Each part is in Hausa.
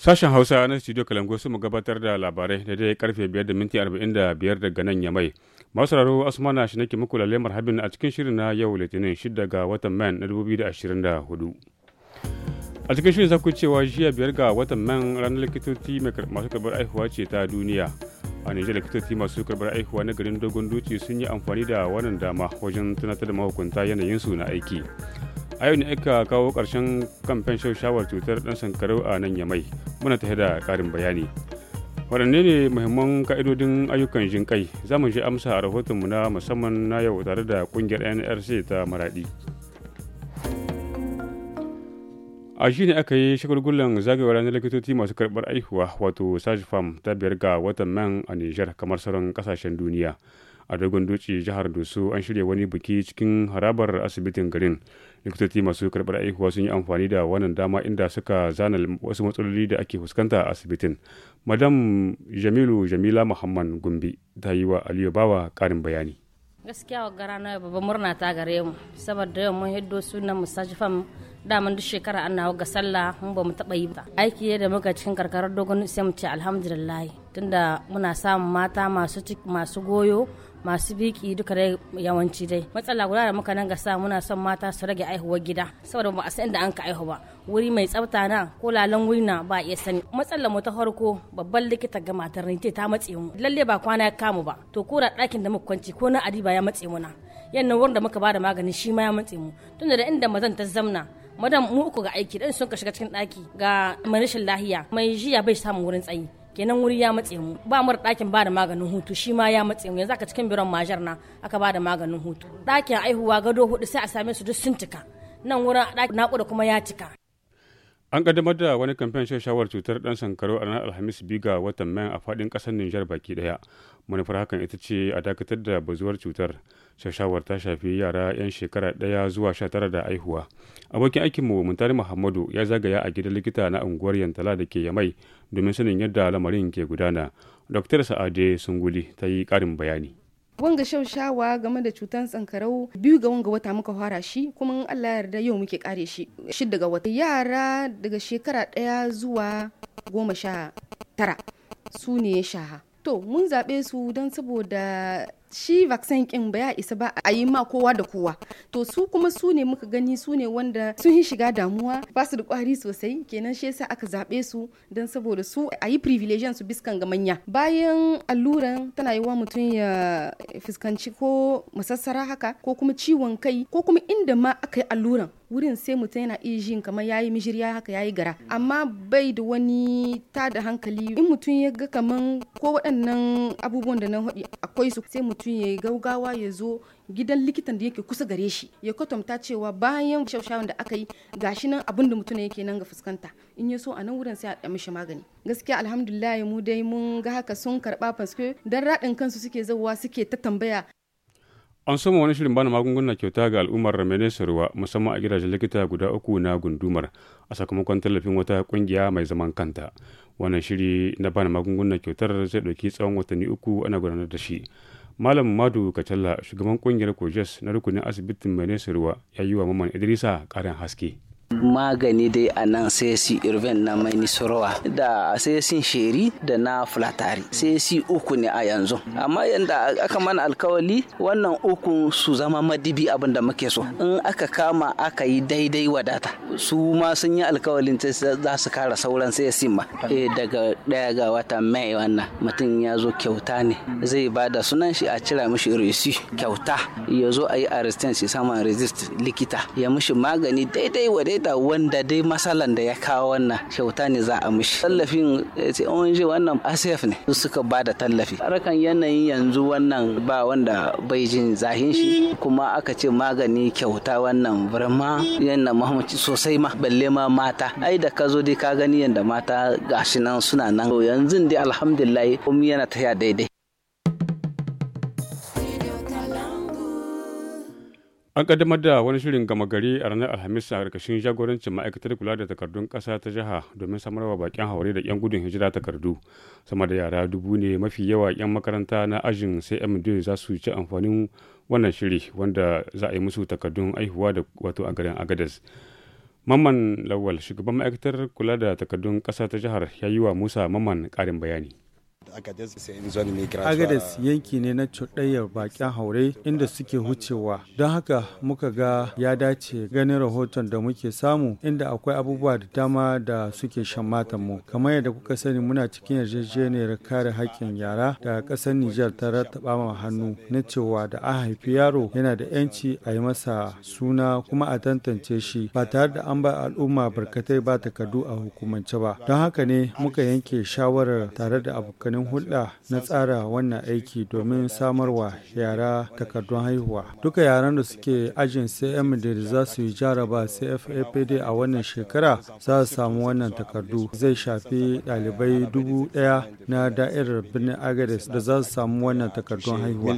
Sashen Hausa na Studio Kalango sun mu gabatar da labarai da dai karfe 5 da minti 45 daga nan ya mai. Masu sauraro Asmana shi nake muku lalle marhabin a cikin shirin na yau Litinin 6 ga watan Man na 2024. A cikin shirin zaku cewa jiya biyar ga watan Man ranar likitoci masu karɓar aihuwa ce ta duniya. A Nijar likitoci masu karɓar aihuwa na garin Dogon Duci sun yi amfani da wannan dama wajen tunatar da mahukunta yanayinsu na aiki. a yau ne aka kawo ƙarshen kamfen shawar cutar ɗan sankarau a nan yamai muna tafi da ƙarin bayani waɗanne ne muhimman ka'idodin ayyukan jin kai za mu ji amsa a rahotonmu na musamman na yau tare da ƙungiyar nrc ta maraɗi a shi ne aka yi shagulgulan zagayowar ranar likitoci masu karɓar aihuwa wato fam ta biyar ga watan man a nijar kamar sauran ƙasashen duniya a dogon duci jihar dusu an shirya wani biki cikin harabar asibitin garin likitoci masu karɓar aikuwa sun yi amfani da wannan dama inda suka zana wasu matsaloli da ake fuskanta a asibitin madam jamilu jamila muhammad gumbi ta yi wa aliyu bawa ƙarin bayani gaskiya wa gara na babban murna ta gare mu saboda yau mun hiddo sunan mu daman duk shekara ana ga sallah mun ba mu taba yi ba aiki da muka cikin karkarar dogon sai mu ce alhamdulillah tunda muna samun mata masu goyo masu biki duka dai yawanci dai matsala guda da muka nan ga sa muna son mata su rage aihuwar gida saboda ba a san da an ka aihu ba wuri mai tsafta na ko lalan wuri na ba iya sani matsalar mu ta farko babban likita ga matar maternity ta matse mu lalle ba kwana ya kamu ba to ko da ɗakin da muka kwanci ko na adiba ya matse muna yanna wurin da muka bada magani shi ma ya matse mu tunda da inda mazan ta zamna madam mu uku ga aiki dan sun ka shiga cikin ɗaki ga marashin lahiya mai jiya bai samun wurin tsayi kenan wuri ya matse mu ba mu da dakin ba da maganin hutu shi ma ya matse mu yanzu aka cikin biron majar na aka ba da maganin hutu ɗakin aihuwa gado hudu sai a same su duk sun cika nan wurin ɗakin naƙuda kuma ya cika an kaddamar da wani kamfen shan shawar cutar dan sankaro a ranar alhamis biyu ga watan mayan a fadin kasar nijar baki ɗaya. manufar hakan ita ce a dakatar da bazuwar cutar shashawar ta shafi yara 'yan shekara ɗaya zuwa sha tara da aihuwa abokin aikinmu muntari muhammadu ya zagaya a gidan likita na unguwar yantala da ke yamai domin sanin yadda lamarin ke gudana dr sa'ade sunguli ta yi ƙarin bayani wanga shaushawa game da cutar tsankarau biyu ga wanga wata muka fara shi kuma Allah yarda yau muke kare shi shidda ga wata yara daga shekara ɗaya zuwa goma sha tara su ne ya shaha to mun zaɓe su don saboda shi vaccine kin ba ya isa ba a yi ma kowa da kowa to su kuma su ne muka gani su ne wanda sun yi shiga damuwa ba su da kwari sosai kenan shi yasa aka zabe su don saboda su a yi privilegian su biskan ga manya bayan alluran tana yi wa mutum ya fuskanci ko masassara haka ko kuma ciwon kai ko kuma inda ma aka yi alluran wurin sai mutum yana iya jin kamar ya yi mijirya haka ya yi gara amma bai da wani ta da hankali in mutum ya ga kamar ko waɗannan abubuwan da na haɗi akwai su sai mutum mutum ya yi gaugawa ya zo gidan likitan da yake kusa gare shi ya kwatanta cewa bayan shaushawan da aka yi gashi nan abin da mutum yake nan ga fuskanta in ya so a nan wurin sai a ɗan mishi magani gaskiya alhamdulillah mu dai mun ga haka sun karɓa faske dan raɗin kansu suke zawa suke ta tambaya an soma wani shirin bana magunguna kyauta ga al'ummar ramene ruwa musamman a gidajen likita guda uku na gundumar a sakamakon tallafin wata kungiya mai zaman kanta wannan shiri na bana magunguna kyautar zai ɗauki tsawon watanni uku ana gudanar da shi malam madu kacalla shugaban kungiyar kojes na rukunin asibitin mai nesa ruwa ya yi wa maman idrisa karin haske magani dai a nan sai si irven na mai nisorowa da sai sin sheri da na flatari sai si uku ne a yanzu amma yanda aka mana alkawali wannan uku su zama madibi abin da muke so in aka kama aka yi daidai wadata su ma sun yi alkawalin za su kara sauran sai sin ma eh, daga daya ga wata mai wannan mutum ya zo kyauta ne zai ba da sunan shi a cira mishi resi kyauta ya zo a yi arrestin saman resist likita ya mishi magani daidai wadai da wanda dai masalan da ya kawo wannan kyauta ne za a mishi tallafin ce eh, wannan asef ne su suka ba da tallafi harkan yanayin yanzu wannan ba wanda bai jin zahin shi kuma aka ce magani kyauta wannan burma yana mahimmanci sosai ma balle ma mata ai da ka zo dai ka gani yanda mata gashi nan suna nan yanzu dai alhamdulillah komai yana tafiya daidai An kaddamar da wani shirin gama gari a ranar Alhamis a ƙarƙashin jagorancin ma'aikatar kula da takardun ƙasa ta jiha domin samar wa bakin haure da 'yan gudun hijira takardu. Sama da yara dubu ne mafi yawa 'yan makaranta na ajin CMD za su ci amfanin wannan shiri wanda za a yi musu takardun aihuwa da wato a garin Agadez. Mamman Lawal, shugaban ma'aikatar kula da takardun ƙasa ta jihar, ya yi wa Musa Mamman ƙarin bayani. Agades yanki ne na cuɗayyar bakin haure inda suke hucewa. Don haka muka ga ya dace ganin rahoton da muke samu inda akwai abubuwa da dama da suke shan matanmu, Kamar yadda kuka sani muna cikin yarjejeniyar kare haƙƙin yara da ƙasar Nijar ta rattaba ma hannu na cewa da a haifi yaro yana da 'yanci a yi masa suna kuma a tantance shi ba tare da an ba al'umma barkatai ba takardu a hukumance ba. Don haka ne muka yanke shawarar tare da abokan abokanin hulɗa na tsara wannan aiki domin samarwa yara takardun haihuwa. Duka yaran da suke ajin CM da za su yi jaraba CFAPD a wannan shekara za su samu wannan takardu. Zai shafi ɗalibai dubu ɗaya na da'irar birnin Agades da za su samu wannan takardun haihuwa.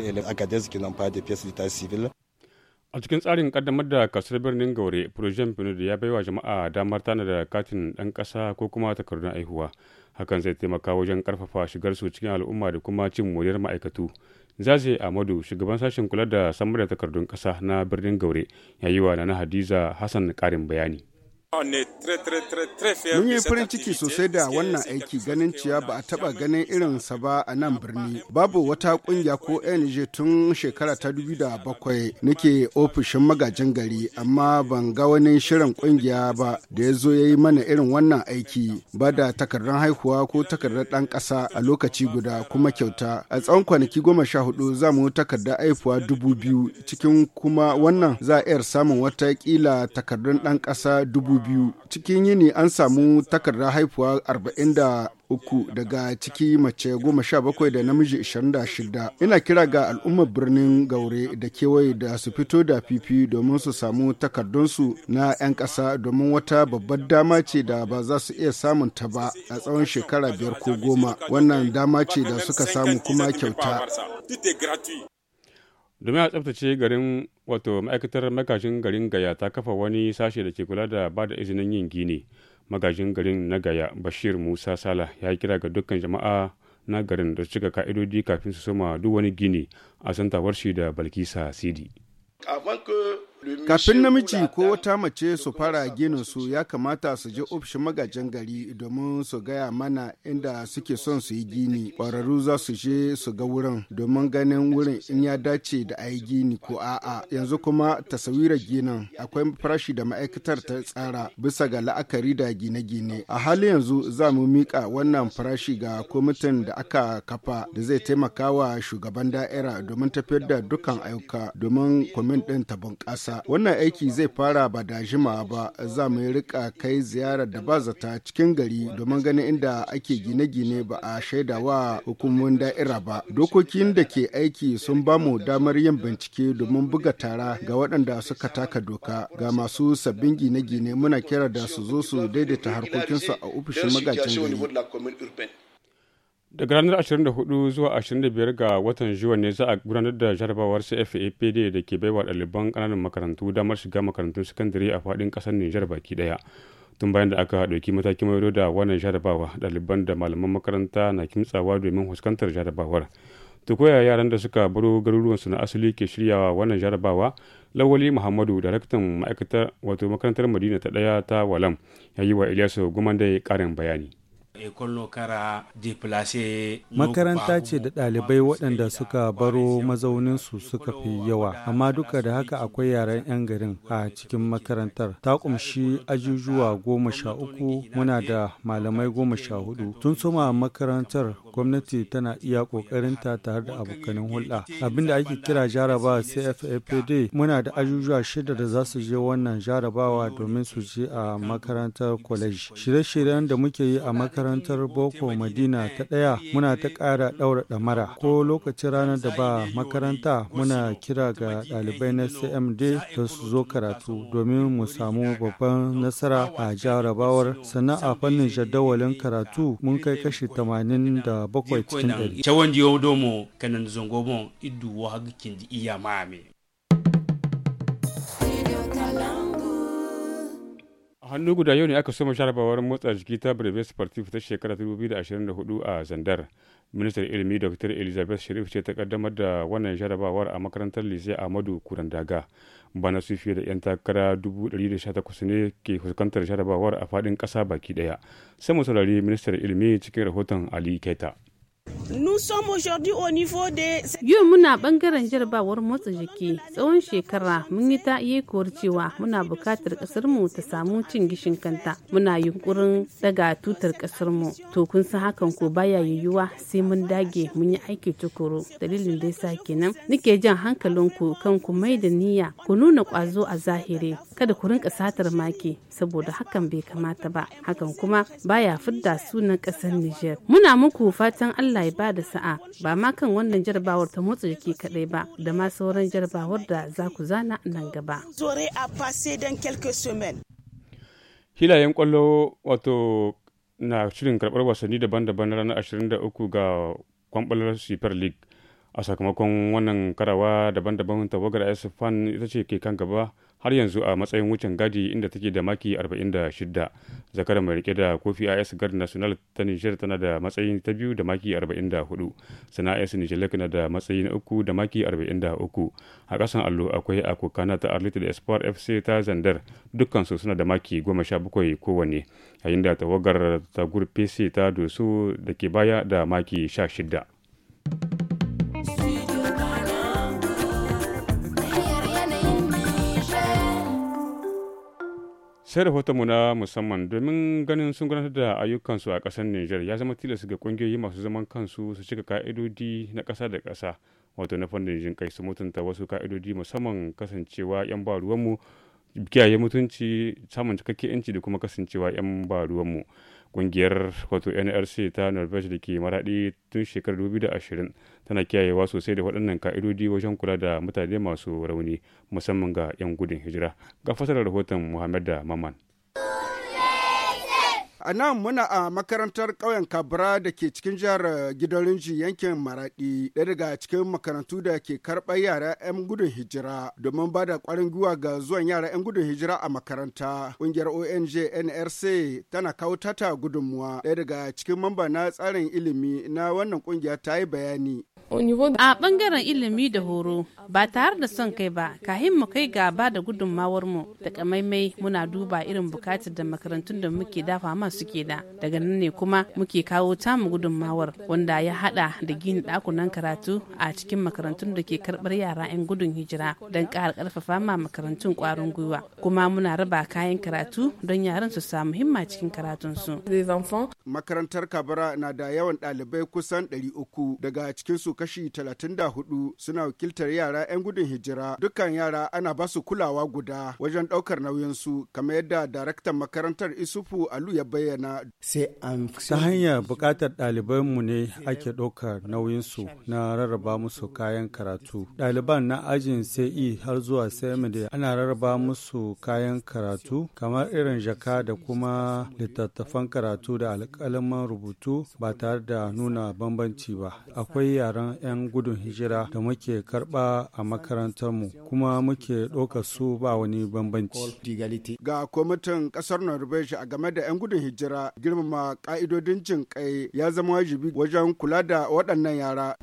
a cikin tsarin kaddamar da kasar birnin gaure projen benin ya bai wa jama'a damar tana da katin ɗan ƙasa ko kuma takardun aihuwa hakan zai taimaka wajen karfafa shigar su cikin al'umma da kuma cin moriyar ma'aikatu zaze amadu shugaban sashen kula da samar da takardun ƙasa na birnin gaure ya yi wa nana hadiza hassan ƙarin bayani Mun yi farin ciki sosai da wannan aiki ganin ciya ba a taba ganin irinsa ba a nan birni. Babu wata kungiya ko ANJ tun shekara ta da bakwai nake ofishin magajin gari amma ban ga wani shirin kungiya ba da ya zo ya yi mana irin wannan aiki ba da takardar haihuwa ko takardar ɗan ƙasa a lokaci guda kuma kyauta. A tsawon kwanaki goma sha hudu za mu takardar haihuwa dubu biyu cikin kuma wannan za a iya samun wata kila takardar ɗan ƙasa dubu biyu cikin yini an samu takarda haifuwa 43 daga ciki mace 17 da namiji 26 ina kira ga al'ummar birnin gaure da kewaye da su fito da fifi domin su samu takardunsu na 'yan ƙasa domin wata babbar dama ce da ba za su iya samun ta ba a tsawon shekara biyar ko goma wannan dama ce da suka samu kuma kyauta domin a tsabtace garin wato ma'aikatar magajin garin gaya ta kafa wani sashe da ke kula da ba da izinin yin gini magajin garin na gaya bashir musa sala ya kira ga dukkan jama'a na garin da cika ka'idodi kafin su soma duk wani gini a santawar shi da balkisa sidi Kafin namiji ko wata mace su fara ginin su ya kamata su je ofishin magajin gari domin su gaya mana inda suke son su yi gini. Ƙwararru za su je su ga wurin domin ganin wurin in ya dace da a yi gini ko a'a. Yanzu kuma taswira ginin akwai farashi da ma'aikatar ta tsara bisa ga la'akari da gine-gine. A halin yanzu za mu miƙa wannan farashi ga kwamitin da aka kafa da zai taimaka wa shugaban da'ira domin tafiyar da dukkan ayyuka domin kwamitin ɗin ta bunƙasa. ƙasa. Wannan aiki zai fara ba da jimawa ba za mu rika kai ziyarar da ba zata cikin gari domin ganin inda ake gine-gine ba a shaida wa hukumomin da'ira ba. Dokokin da ke aiki sun ba mu damar yin bincike domin buga tara ga waɗanda suka taka doka ga masu sabbin gine-gine muna kira da su zo su daidaita harkokinsu a ofishin magajin gari. daga ranar 24 zuwa 25 ga watan juwan ne za a gudanar da jarabawar cfapd da ke baiwa ɗaliban ƙananan makarantu damar shiga makarantun sakandare a faɗin ƙasar nijar baki ɗaya tun bayan da aka ɗauki matakin maido da wannan jarabawa ɗaliban da malaman makaranta na kimtsawa domin fuskantar jarabawar ta koya yaran da suka baro garuruwansu na asali ke shiryawa wannan jarabawa lawali muhammadu daraktan ma'aikatar wato makarantar madina ta ɗaya ta walam ya yi wa ilyasu gumandai karin bayani Eh, Makaranta ce da ɗalibai waɗanda suka baro mazauninsu suka fi yawa, amma duka da haka akwai yaren 'yan garin a cikin makarantar. Ta ƙumshi ajujuwa goma sha uku muna da malamai goma sha hudu. Tun suma makarantar gwamnati tana iya ƙoƙarinta tare da abokanin hulɗa abinda ake kira jarabawa cfapd muna da ajujuwa shida da za su je wannan jarabawa domin su je a makarantar college shirye-shiryen da muke yi a makarantar boko madina ta ɗaya muna ta ƙara ɗaura ɗamara ko lokacin ranar da ba makaranta muna kira ga ɗalibai na cmd da su zo karatu domin mu samu babban nasara a jarabawar sannan a fannin jadawalin karatu mun kai kashi 80 da bakwai cikin dari. Cawan diyo domo kanan zongomo idu wa haga kindi iya mame. hannu guda yau ne aka soma jarabawar motsa jiki ta brevet sportif ta shekara 2024 a zandar ministan ilimi dr elizabeth sharif ce ta kaddamar da wannan jarabawar a makarantar lise amadu kurandaga bana su fiye da 'yan takara 118 ne ke fuskantar jarabawar a faɗin ƙasa baki ɗaya sai mu saurari ministan ilimi cikin rahoton ali keta Yau muna bangaren jarabawar motsa jiki tsawon shekara mun yi ta yekuwar cewa muna bukatar kasarmu ta samu cin gishin kanta muna yunkurin daga tutar kasarmu to kun san hakan ko baya yiwuwa sai mun dage mun yi aiki tukuru dalilin da sa kenan nake jan hankalinku kan ku mai da niyya ku nuna kwazo a zahiri kada ku rinka satar maki saboda hakan bai kamata ba hakan kuma baya fidda sunan ƙasar niger Muna muku fatan Allah ya bada sa'a ba ma kan wannan jarabawar ta motsa jiki kadai ba da ma sauran jarabawar da za ku zana nan gaba. Hilayen kwallo wato na shirin karbar wasanni daban-daban na ranar 23 ga kwamfalar super league a sakamakon wannan karawa daban-daban tawagar asfan ita ce ke kan gaba har yanzu a matsayin wucin gadi inda take da maki 46 zakar mai rike da kofi is guard national ta niger tana da matsayin ta biyu da maki 44 sana is niger na da matsayin uku da maki 43 a kasan allo akwai akokana ta arlita da espoir fc ta zandar dukkansu suna da maki 17 kowanne yayin da tawagar ta gurfe ta doso da ke baya da maki 16 sai mu na musamman domin ganin sun gudanar da ayyukansu a ƙasar Nijar ya zama tilas ga ƙungiyoyi masu zaman kansu su cika ka'idodi na ƙasa da ƙasa wato na fannin jin kai su mutunta wasu ka'idodi musamman kasancewa 'yan ba ruwanmu kiyaye mutunci samun cikakken 'yanci da kuma kasancewa 'yan ba ruwanmu. kungiyar wato nrc ta norvege da ke maraɗi tun shekarar 2020 tana kiyayewa sosai da waɗannan ka'idodi wajen kula da mutane masu rauni musamman ga 'yan gudun hijira ga fasarar rahoton muhammad da maman A nan muna a makarantar ƙauyen Kabra da ke cikin jihar eh, Gidorinji yankin Maraɗi, ɗaya daga cikin makarantu da ke karɓar yara 'yan gudun hijira domin ba da ƙwarin gwiwa ga zuwan yara 'yan gudun hijira a makaranta. Ƙungiyar ONG NRC tana kawo tata gudunmuwa. Ɗaya daga cikin mamba na tsarin ilimi na wannan ƙungiya ta yi bayani. A ɓangaren ilimi da horo ba tare da son kai ba, kahin mu kai gaba da gudunmawar mu da kamaimai muna duba irin bukatar da makarantun da muke dafa suke da daga nan ne kuma muke kawo tamu gudunmawar wanda ya hada da gini dakunan karatu a cikin makarantun da ke karbar yara 'yan gudun hijira don ƙara ƙarfafa ma makarantun kwarin gwiwa kuma muna raba kayan karatu don yaran su samu himma cikin karatunsu. makarantar kabara na da yawan ɗalibai kusan 300 daga cikin su kashi 34 suna wakiltar yara 'yan gudun hijira dukkan yara ana basu kulawa guda wajen ɗaukar nauyinsu kamar yadda daraktan makarantar isufu alu ya bayyana sai an ta hanyar bukatar ɗaliban mu ne ake ɗaukar nauyinsu na rarraba musu kayan karatu ɗaliban na ajin sai e har zuwa sai ana rarraba musu kayan karatu kamar irin jaka da kuma littattafan karatu da alƙalaman rubutu ba tare da nuna bambanci ba akwai yaren 'yan gudun hijira da muke karɓa a makarantar mu kuma muke ɗaukar su ba wani bambanci ga kwamitin ƙasar norvege a game da 'yan gudun hijira girmama ka'idodin jin kai ya zama wajibi wajen kula da waɗannan yara.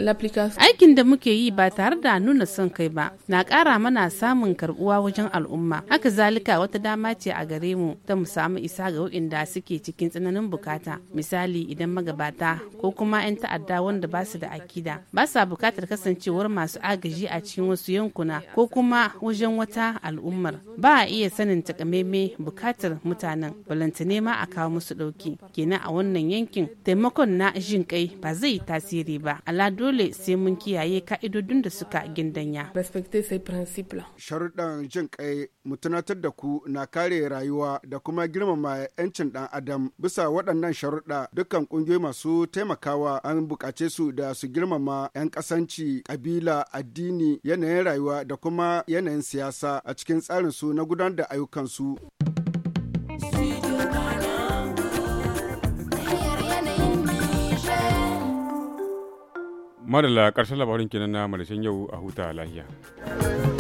Aikin da muke yi ba tare da nuna son kai ba na kara mana samun karbuwa wajen al'umma. Haka zalika wata dama ce a gare mu ta mu samu isa ga waɗanda suke cikin tsananin bukata. Misali idan magabata ko kuma 'yan ta'adda wanda ba su da akida ba sa bukatar kasancewar masu agaji a cikin wasu yankuna ko kuma wajen wata al'ummar ba a iya sanin takamaimai bukatar mutanen balantane ma a kawo musu ɗauki kenan a wannan yankin taimakon na jin kai ba zai yi tasiri ba ala dole sai mun kiyaye ka'idodin da suka gindanya sharuɗan jin kai mu tunatar da ku na kare rayuwa da kuma girmama 'yancin dan adam bisa waɗannan sharuɗa dukkan ƙungiyoyi masu taimakawa an buƙace su da su girmama 'yan ƙasanci ƙabila addini yanayin rayuwa da kuma yanayin siyasa a cikin tsarin su na gudanar da ayyukansu madalla ƙarshen labarin kenan na marishin yau a huta lahiya